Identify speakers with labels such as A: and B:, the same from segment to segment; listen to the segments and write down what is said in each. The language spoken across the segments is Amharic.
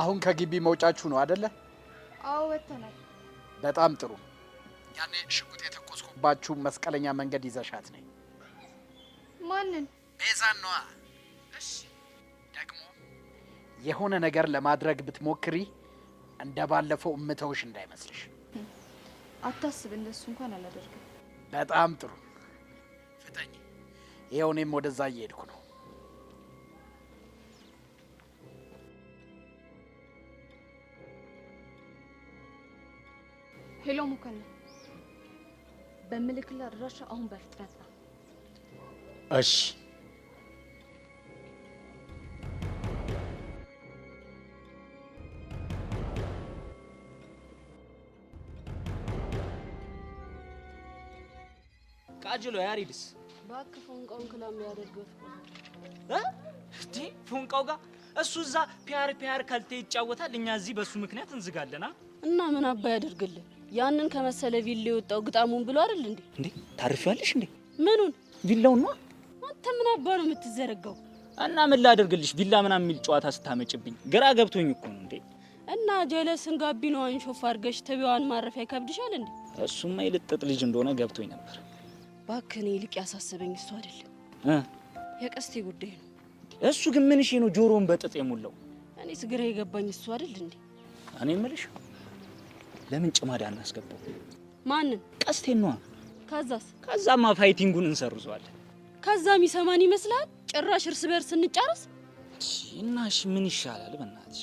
A: አሁን ከግቢ መውጫችሁ ነው አደለ?
B: አዎ ወጥተናል።
A: በጣም ጥሩ። ያኔ ሽጉጥ የተኮስኩባችሁ መስቀለኛ መንገድ ይዘሻት ነኝ። ማንን? ቤዛን ነዋ። እሺ። ደግሞ የሆነ ነገር ለማድረግ ብትሞክሪ እንደ ባለፈው እምተውሽ እንዳይመስልሽ።
B: አታስብ፣ እንደሱ እንኳን አላደርግም።
A: በጣም ጥሩ። ፍጠኝ። ይኸው እኔም ወደዛ እየሄድኩ ነው።
B: ሄሎ ሙከነ በምልክላ አድራሻ አሁን በፍጥነት ነው።
A: እሺ
C: ቃጅሎ ያሪድስ
B: ባክ ፎንቃውን ክላም ያደርገው እ
C: እቲ ፎንቃው ጋር እሱ እዛ ፒያር ፒያር ካልቴ ይጫወታል። እኛ እዚህ በሱ ምክንያት እንዝጋለና
B: እና ምን አባ ያደርግልን ያንን ከመሰለ ቪላ የወጣው ግጣሙን ብሎ አይደል እንዴ?
C: እንዴ ታርፊዋለሽ እንዴ? ምኑን? ቪላውና።
B: አንተ ምን አባ ነው የምትዘረጋው?
C: እና ምን ላደርግልሽ ቪላ ምናምን የሚል ጨዋታ ስታመጭብኝ ግራ ገብቶኝ እኮ ነው እንዴ።
B: እና ጀለስን ነው ሾፍ አድርገሽ ተቢዋን ማረፊያ ይከብድሻል እንዴ?
C: እሱማ የልጥጥ ልጅ እንደሆነ ገብቶኝ ነበር።
B: እባክህ እኔ ይልቅ ያሳሰበኝ እሱ አይደለም የቀስቴ ጉዳይ ነው።
C: እሱ ግን ምንሽ ነው ጆሮውን በጥጥ የሞላው?
B: እኔስ ግራ የገባኝ እሱ አይደል እንዴ።
C: እኔ እምልሽ ለምን ጭማዳ እናስገባው? ማንን? ቀስቴን ነዋ። ከዛስ? ከዛማ ፋይቲንጉን እንሰርዘዋለን።
B: ከዛ የሚሰማን ይመስላል? ጭራሽ እርስ በርስ እንጫርስ
C: እናሽ ምን ይሻላል? በእናትሽ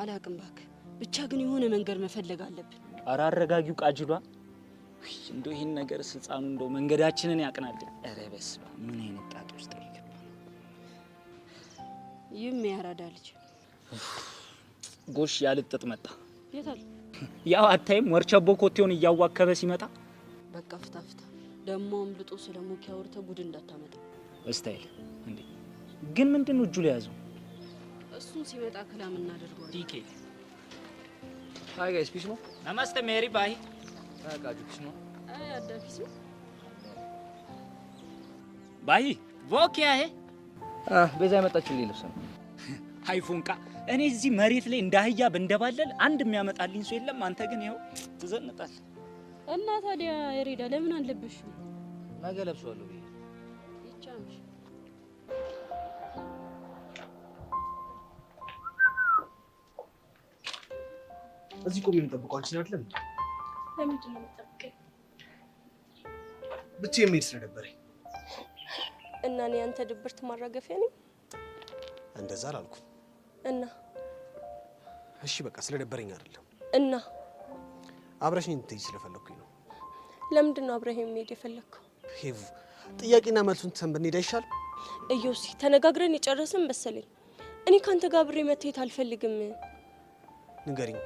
B: አላቅም። ባክ። ብቻ ግን የሆነ መንገድ መፈለግ አለብን።
C: አረ አረጋጊው ቃጅሏ እንዶ ይህን ነገር ህፃኑ እንዶ መንገዳችንን ያቅናልን። ኧረ በስመ አብ ምን አይነት ጣጥ ውስጥ ነው የገባነው?
B: ይህም ያራዳ ልጅ
C: ጎሽ ያልጥጥ መጣ። የታል? ያው አታይም፣ ወርቸቦ ኮቴውን እያዋከበ ሲመጣ
B: በቃ ፍታፍታ ፍታ። ደግሞ አምልጦ ስለ ሞኪ አውርተ ጉድ እንዳታመጣ።
C: እስታይል እንዴ! ግን ምንድን ነው እጁ ላይ ያዘው?
B: እሱ ሲመጣ ክላም እናደርገው።
C: ዲኬ
D: ሃይ ጋይስ ፒስ ነው
C: ናማስተ ሜሪ ባይ
D: ታጋጁ ፒስ ነው
B: አይ አዳ ፒስ ነው
C: ባይ ቮኪያ ሄ
D: ቤዛ የመጣችው ልብስ ነው
C: ሃይፎንቃ እኔ እዚህ መሬት ላይ እንደ አህያ ብንደባለል አንድ የሚያመጣልኝ ሰው የለም። አንተ ግን ይኸው ትዘንጣል።
B: እና ታዲያ የሬዳ ለምን አለብሽ?
D: ነገ ለብሰዋለሁ።
A: እዚህ ቆሜ የምጠብቀው አንቺን አይደለም።
B: ለምንድን ነው የምጠብቀኝ?
A: ብቻዬን መሄድ ስለነበረኝ
B: እና እኔ አንተ ድብርት ማራገፊያ ነኝ።
A: እንደዛ አላልኩም። እና እሺ በቃ ስለደበረኝ አይደለም። እና አብረሽኝ እንድትሄጂ ስለፈለኩኝ ነው።
B: ለምንድን ነው አብረህ የሚሄድ የፈለግከው?
A: ሄቭ ጥያቄና መልሱን ትተን ብንሄድ አይሻል?
B: እዮሲ ተነጋግረን የጨረስን መሰለኝ። እኔ ካንተ ጋር አብሬ መታየት አልፈልግም።
A: ንገሪኝ፣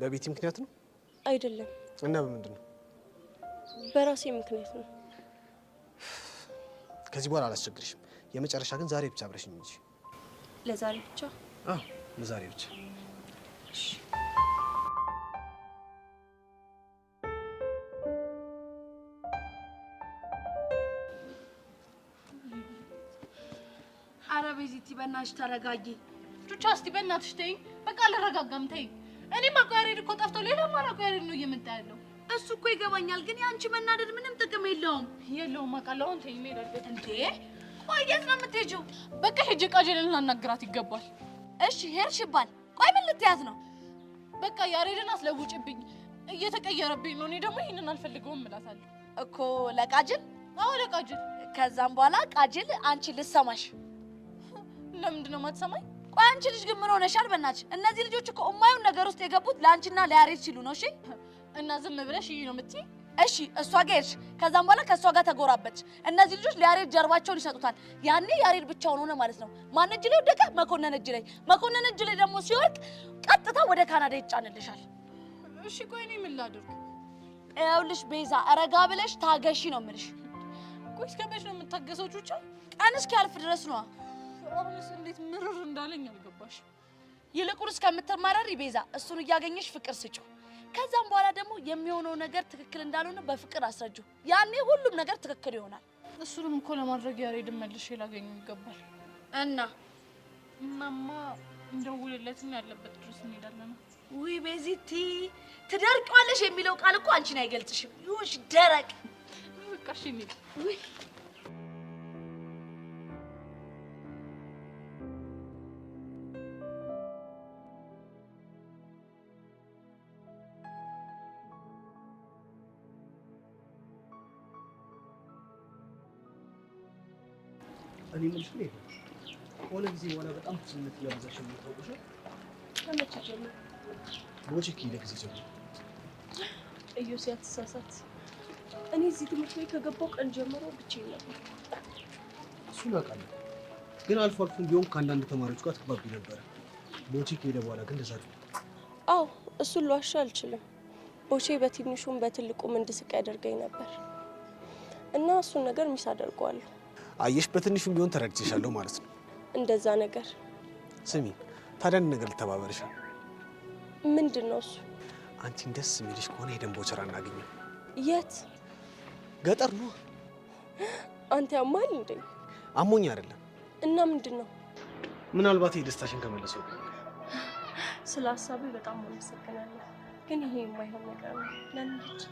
A: በቤቲ ምክንያት ነው? አይደለም። እና በምንድን ነው?
B: በራሴ ምክንያት ነው።
A: ከዚህ በኋላ አላስቸግርሽም። የመጨረሻ ግን ዛሬ ብቻ አብረሽኝ እንጂ ለዛሬ ብቻ አዎ፣ ለዛሬ ብቻ።
E: አረ ቤዚቲ በእናትሽ ተረጋጊ።
F: ቹቻ እስቲ በእናትሽ ተይኝ፣ በቃ አልረጋጋም፣ ተይኝ። እኔ እኮ ያሬድ እኮ ጠፍቶ ሌላ ማራኩ ያሬድ ነው እየመጣ ያለው።
E: እሱ እኮ ይገባኛል፣ ግን የአንቺ መናደድ ምንም ጥቅም የለውም።
F: የለውም አውቃለሁ። አሁን ተይኝ፣ ሄዳለሁ።
E: እንዴ ቆየት ነው የምትሄጂው?
F: በቃ ሂጅ፣ ቃጀልን እናናግራት ይገባል።
E: እሺ ሄድሽ ይባል። ቆይ ምን ልትያዝ ነው?
F: በቃ ያሬድን አስለውጭብኝ፣ እየተቀየረብኝ ነው። እኔ ደግሞ ይህንን አልፈልገውም እላታለሁ
E: እኮ ለቃጅል። አዎ ለቃጅል። ከዛም በኋላ ቃጅል አንቺ ልትሰማሽ።
F: ለምንድን ነው የማትሰማኝ?
E: ቆይ አንቺ ልጅ ግን ምን ሆነሻል? በእናትሽ እነዚህ ልጆች እኮ እማዩን ነገር ውስጥ የገቡት ለአንቺና ለያሬድ ሲሉ ነው። እሺ
F: እና ዝም ብለሽ ይህ ነው የምትይኝ
E: እሺ እሷ ጋር ሄድሽ። ከዛም በኋላ ከእሷ ጋር ተጎራበች። እነዚህ ልጆች ለያሬድ ጀርባቸውን ይሰጡታል። ያኔ ያሬድ ብቻውን ሆነ ማለት ነው። ማን እጅ ላይ ወደቀ? መኮንን እጅ ላይ። መኮንን እጅ ላይ ደግሞ ሲወድቅ ቀጥታ ወደ ካናዳ ይጫንልሻል።
F: እሺ ቆይ እኔ ምን ላድርግ?
E: ይኸውልሽ ቤዛ፣ ረጋ ብለሽ ታገሺ ነው የምልሽ።
F: ቆይ እስከ መች ነው የምታገሰው? ቹቻ
E: ቀን እስኪያልፍ ድረስ ነዋ።
F: አሁንስ እንዴት ምርር እንዳለኝ አልገባሽ።
E: ይልቁን ከምትማረሪ ቤዛ፣ እሱን እያገኘሽ ፍቅር ስጪው። ከዛም በኋላ ደግሞ የሚሆነው ነገር ትክክል እንዳልሆነ በፍቅር አስረጁ። ያኔ ሁሉም ነገር ትክክል ይሆናል።
F: እሱንም እኮ ለማድረግ ያሬድን መልሼ ላገኙ ይገባል። እና እናማ እንደውልለትን ያለበት ድረስ እንሄዳለን።
E: ውይ ቤዚቲ ትደርቂዋለሽ የሚለው ቃል እኮ አንቺን አይገልጽሽም። ይሁንሽ ደረቅ።
F: በቃ ሚል እንሂድ።
A: የሚልሽ ነው። የሆነ ጊዜ በኋላ በጣም ትዝነት እያበዛሽ የሚታወቁሽ
B: ከመቼ ጀምሮ
A: ሞቼ ከሄደ ጊዜ ጀምሮ
B: እዩ ሲያተሳሳት እኔ እዚህ ትምህርት ቤት ከገባው ቀን ጀምሮ ብቻዬን ነበር።
A: እሱን አውቃለሁ፣ ግን አልፎ አልፎ ቢሆን ከአንዳንድ ተማሪዎች ጋር ትግባቢ ነበረ። ቦቼ ከሄደ በኋላ ግን ተዛር
B: አዎ፣ እሱን ልዋሻ አልችልም። ቦቼ በትንሹም በትልቁም እንድስቅ ያደርገኝ ነበር እና እሱን ነገር ሚስ አደርገዋለሁ።
A: አየሽ፣ በትንሹም ቢሆን ተረድቼሻለሁ ማለት ነው።
B: እንደዛ ነገር
A: ስሚ፣ ታዲያን ነገር ልተባበርሻ። ምንድን ነው እሱ? አንቺን ደስ የሚልሽ ከሆነ የደንብ ቮቸር እናገኘ። የት? ገጠር ነው።
B: አንተ ያማል እንዴ? አሞኝ አይደለም። እና ምንድን ነው?
A: ምናልባት የደስታሽን ከመለሰው
B: ስለ ሀሳቡ በጣም አመሰግናለሁ፣ ግን ይሄ የማይሆን ነገር ነው ለንልጅ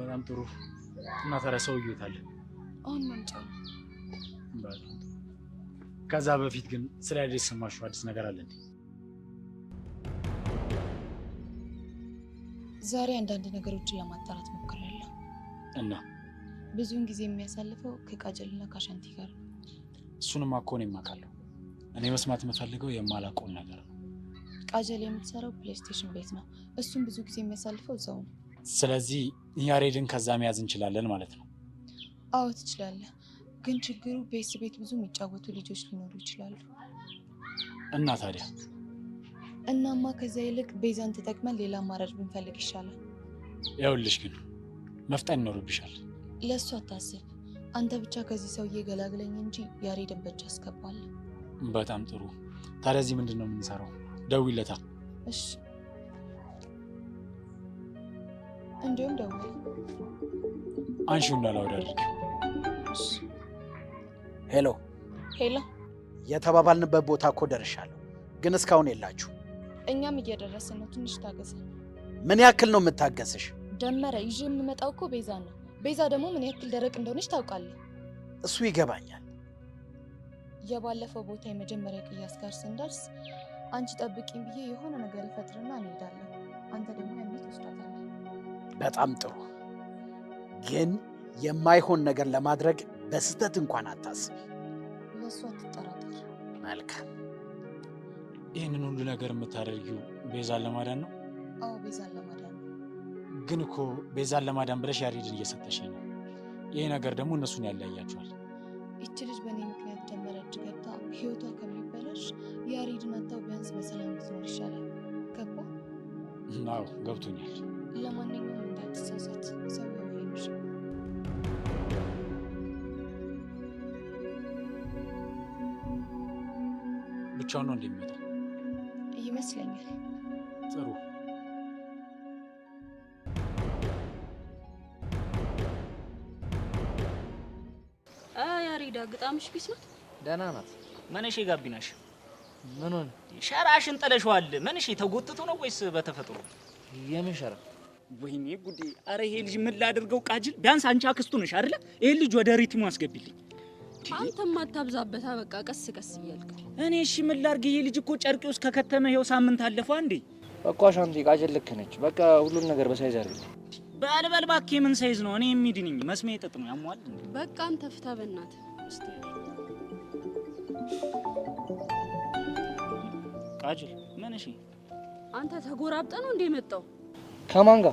A: በጣም ጥሩ እና ታዲያ ሰውዬው የት አሁን መምጫ ከዛ በፊት ግን ስለ አዲስ ሰማሽው አዲስ ነገር አለ እንዴ?
B: ዛሬ አንዳንድ ነገሮችን ለማጣራት ሞክሬያለሁ። እና ብዙውን ጊዜ የሚያሳልፈው ከቃጀልና ከአሻንቲ ጋር ነው።
A: እሱንም እኮ ነው የማውቃለሁ። እኔ መስማት የምፈልገው የማላውቀውን ነገር ነው።
B: ቃጀል የምትሰራው ፕሌይስቴሽን ቤት ነው። እሱም ብዙ ጊዜ የሚያሳልፈው እዛው ነው።
A: ስለዚህ ያሬድን ከዛ መያዝ እንችላለን ማለት ነው።
B: አዎ ትችላለህ። ግን ችግሩ ቤስ ቤት ብዙ የሚጫወቱ ልጆች ሊኖሩ ይችላሉ። እና ታዲያ እናማ ከዚ ይልቅ ቤዛን ተጠቅመን ሌላ አማራጭ ብንፈልግ ይሻላል።
A: ያውልሽ ግን መፍጠን ይኖርብሻል።
B: ለእሱ አታስብ። አንተ ብቻ ከዚህ ሰውዬ ገላግለኝ እንጂ ያሬድን በእጅ አስገባለሁ።
A: በጣም ጥሩ። ታዲያ እዚህ ምንድን ነው የምንሰራው? ደውይለታ።
B: እሺ እንዲሁም ደግሞ
A: አንሺውና ላውዳድርግ። ሄሎ ሄሎ፣ የተባባልንበት ቦታ እኮ ደርሻለሁ፣ ግን እስካሁን የላችሁ።
B: እኛም እየደረስን ነው፣ ትንሽ ታገሰ።
A: ምን ያክል ነው የምታገስሽ?
B: ደመረ ይዤ የምመጣው እኮ ቤዛ ነው። ቤዛ ደግሞ ምን ያክል ደረቅ እንደሆነች ታውቃለህ።
A: እሱ ይገባኛል።
B: የባለፈው ቦታ የመጀመሪያ ቅያስ ጋር ስንደርስ አንቺ ጠብቂኝ ብዬ የሆነ ነገር ይፈጥርና እንሄዳለን። አንተ ደግሞ
A: በጣም ጥሩ። ግን የማይሆን ነገር ለማድረግ በስህተት እንኳን አታስቢ።
B: አትጠራጠር።
A: መልካም። ይህንን ሁሉ ነገር የምታደርጊው ቤዛን ለማዳን ነው?
B: አዎ ቤዛን ለማዳን ነው።
A: ግን እኮ ቤዛን ለማዳን ብለሽ ያሬድን እየሰጠሽ ነው። ይሄ ነገር ደግሞ እነሱን ያለያያቸዋል።
B: ይች ልጅ በእኔ ምክንያት ጀመረች ገብታ ህይወቷ ከሚበላሽ ያሬድን አታው ቢያንስ በሰላም ትኖር ይሻላል። ገባ?
A: አዎ ገብቶኛል።
B: ለማንኛውም እንዳትሳሳት ሰው ሄድ
A: ብቻ ነው እንደሚመጣ
B: ይመስለኛል። ጥሩ ያሬዳ ግጣምሽ
D: ደህና ናት።
C: ጋቢናሽ ምኑን ሸራሽን ጥለሽዋል። ተጎትቶ ነው ወይስ በተፈጥሮ የምን ሸራ? ወይኔ ጉዴ! አረ ይሄ ልጅ ምን ላድርገው? ቃጅል ቢያንስ አንቺ አክስቱ ነሽ አይደለ? ይሄ ልጅ ወደ ሪትሙ አስገቢልኝ።
B: አንተም አታብዛበት፣ በቃ ቀስ ቀስ እያልክ።
C: እኔ እሺ ምን ላድርግ? ይሄ ልጅ እኮ ጨርቄ ውስጥ ከከተመ ይኸው ሳምንት አለፈ። አንዴ
D: በቃ ሻንቲ፣ ቃጅል ልክ ነች። በቃ ሁሉን ነገር በሳይዝ አድርግ።
C: በልበል እባክህ። ምን ሳይዝ ነው? እኔ የሚድንኝ መስሜ ጥጥ ነው ያሟል።
B: በቃ አንተ ፍታ በእናትህ።
C: ቃጅል ምን? እሺ
B: አንተ ተጎራብጠ ነው እንደ መጣው ከማን ጋር?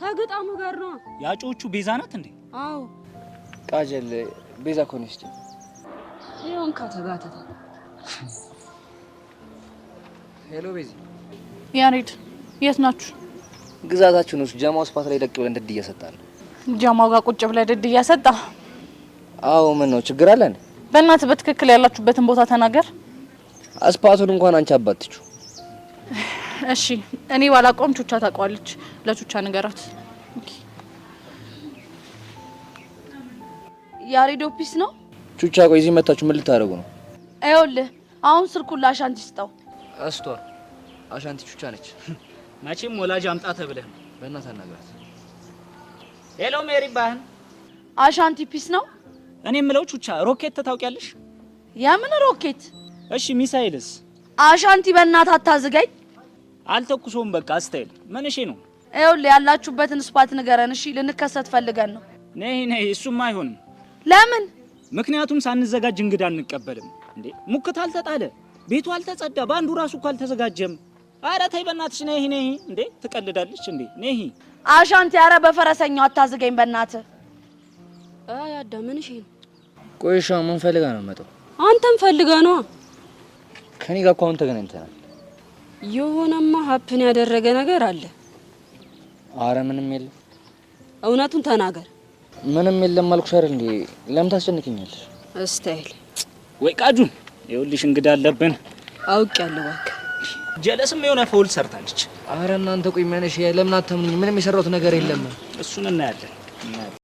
B: ከግጣሙ ጋር ነው።
C: ያጮቹ ቤዛ ናት እንዴ?
B: አዎ።
D: ቃጀል ቤዛ እኮ ነች።
B: ይሁን ከተጋተተ ሄሎ ቤዚ፣ ያሬድ የት ናችሁ?
D: ግዛታችሁ ነው። ጀማው ስፓት ላይ ደቅ ብለን ድድ እያሰጣን
B: ጀማው ጋር ቁጭ ብለን ድድ እያሰጣ።
D: አዎ ምን ነው ችግር አለን?
B: በእናት በትክክል ያላችሁበትን ቦታ ተናገር።
D: አስፓቱን እንኳን አንቺ አባትችሁ
B: እሺ እኔ ባላቆም ቹቻ ታውቀዋለች። ለቹቻ ንገራት። ያሬድ ኦፊስ ነው።
D: ቹቻ ቆይ እዚህ መታችሁ ምን ልታደርጉ ነው?
B: ይኸውልህ አሁን ስልኩን ለአሻንቲ ስጠው።
D: አስቷል አሻንቲ ቹቻ ነች።
C: መቼም ወላጅ አምጣ ተብለህ ነው።
D: በእናትህ አናግራት።
C: ሄሎ ሜሪ ባህን።
B: አሻንቲ ፒስ ነው።
C: እኔ የምለው ቹቻ ሮኬት ታውቂያለሽ?
B: የምን ሮኬት?
C: እሺ ሚሳይልስ?
B: አሻንቲ በእናትህ አታዝጋኝ።
C: አልተኩሶም። በቃ አስተያየል ምን እሺ ነው
B: ያው ያላችሁበትን ስፋት ንገረን። እሺ ልንከሰት ፈልገን ነው።
C: ነይ ነይ። እሱም አይሆንም። ለምን? ምክንያቱም ሳንዘጋጅ እንግዳ አንቀበልም። እንዴ ሙክት አልተጣለ፣ ቤቱ አልተጸዳ፣ በአንዱ ራሱ እኮ አልተዘጋጀም። አረ ተይ በእናትሽ ነይ ነይ። እንዴ ትቀልዳለች እንዴ? ነይ
B: አሻንቲ። ኧረ በፈረሰኛው አታዝገኝ በእናትህ። አይ አዳ ምን እሺ።
D: ቆይሻ ምን ፈልጋ ነው መጣው?
B: አንተም ፈልጋ ነው።
D: ከኔ ጋር እኮ አሁን ተገናኝተናል
B: የሆነማ ሀፕን ያደረገ ነገር አለ።
D: አረ ምንም የለም።
B: እውነቱን ተናገር።
D: ምንም የለም አልኩሽ አይደል እንዴ? ለምን ታስጨንቅኛለሽ?
B: እስታይል
C: ወይ ቃጁን ይኸውልሽ፣ እንግዳ አለብን።
B: አውቅ ያለው ባክ
C: ጀለስም የሆነ ፎል ሰርታለች።
D: አረ እናንተ ቆይ፣ የሚያነሽ ለምን አተምኝ? ምንም የሰራሁት ነገር የለም።
C: እሱን እናያለን።